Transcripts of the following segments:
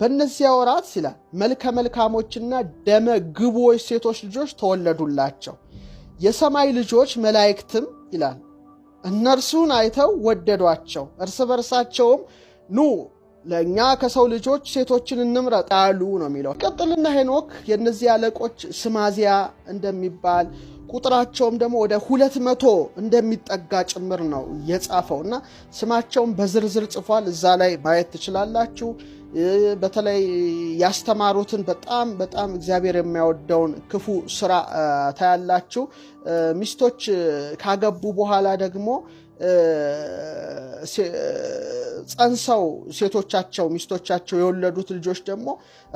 በእነዚያ ወራት ይላል መልከ መልካሞችና ደመ ግቦች ሴቶች ልጆች ተወለዱላቸው፣ የሰማይ ልጆች መላእክትም ይላል እነርሱን አይተው ወደዷቸው። እርስ በርሳቸውም ኑ ለእኛ ከሰው ልጆች ሴቶችን እንምረጥ አሉ ነው የሚለው። ቀጥልና ሄኖክ የእነዚህ አለቆች ስማዚያ እንደሚባል ቁጥራቸውም ደግሞ ወደ ሁለት መቶ እንደሚጠጋ ጭምር ነው የጻፈው እና ስማቸውን በዝርዝር ጽፏል። እዛ ላይ ማየት ትችላላችሁ። በተለይ ያስተማሩትን በጣም በጣም እግዚአብሔር የሚያወደውን ክፉ ስራ ታያላችሁ። ሚስቶች ካገቡ በኋላ ደግሞ ጸንሰው ሴቶቻቸው ሚስቶቻቸው የወለዱት ልጆች ደግሞ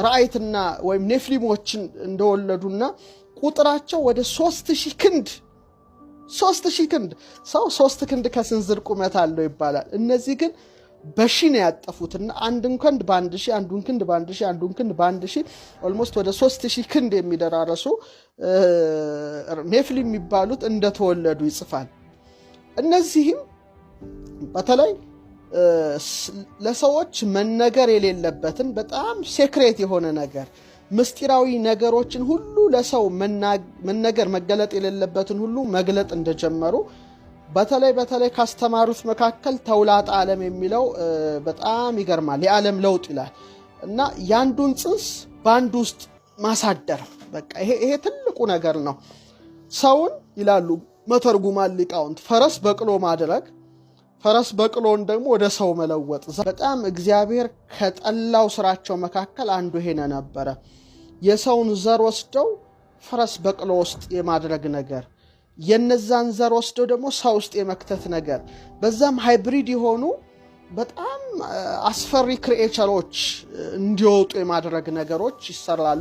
ራአይትና ወይም ኔፍሊሞችን እንደወለዱና ቁጥራቸው ወደ ሶስት ሺህ ክንድ ሶስት ሺህ ክንድ ሰው ሶስት ክንድ ከስንዝር ቁመት አለው ይባላል። እነዚህ ግን በሺ ነው ያጠፉትና አንድን ክንድ በአንድ ሺ አንዱን ክንድ በአንድ ሺ አንዱን ክንድ በአንድ ሺ ኦልሞስት ወደ ሶስት ሺህ ክንድ የሚደራረሱ ኔፍሊም የሚባሉት እንደተወለዱ ይጽፋል። እነዚህም በተለይ ለሰዎች መነገር የሌለበትን በጣም ሴክሬት የሆነ ነገር ምስጢራዊ ነገሮችን ሁሉ ለሰው መነገር መገለጥ የሌለበትን ሁሉ መግለጥ እንደጀመሩ በተለይ በተለይ ካስተማሩት መካከል ተውላጠ ዓለም የሚለው በጣም ይገርማል። የዓለም ለውጥ ይላል እና የአንዱን ጽንስ በአንድ ውስጥ ማሳደር በቃ ይሄ ትልቁ ነገር ነው። ሰውን ይላሉ መተርጉማን ሊቃውንት ፈረስ በቅሎ ማድረግ ፈረስ በቅሎን ደግሞ ወደ ሰው መለወጥ በጣም እግዚአብሔር ከጠላው ስራቸው መካከል አንዱ ሄነ ነበረ። የሰውን ዘር ወስደው ፈረስ በቅሎ ውስጥ የማድረግ ነገር፣ የነዛን ዘር ወስደው ደግሞ ሰው ውስጥ የመክተት ነገር። በዛም ሃይብሪድ የሆኑ በጣም አስፈሪ ክሪኤቸሮች እንዲወጡ የማድረግ ነገሮች ይሰራሉ።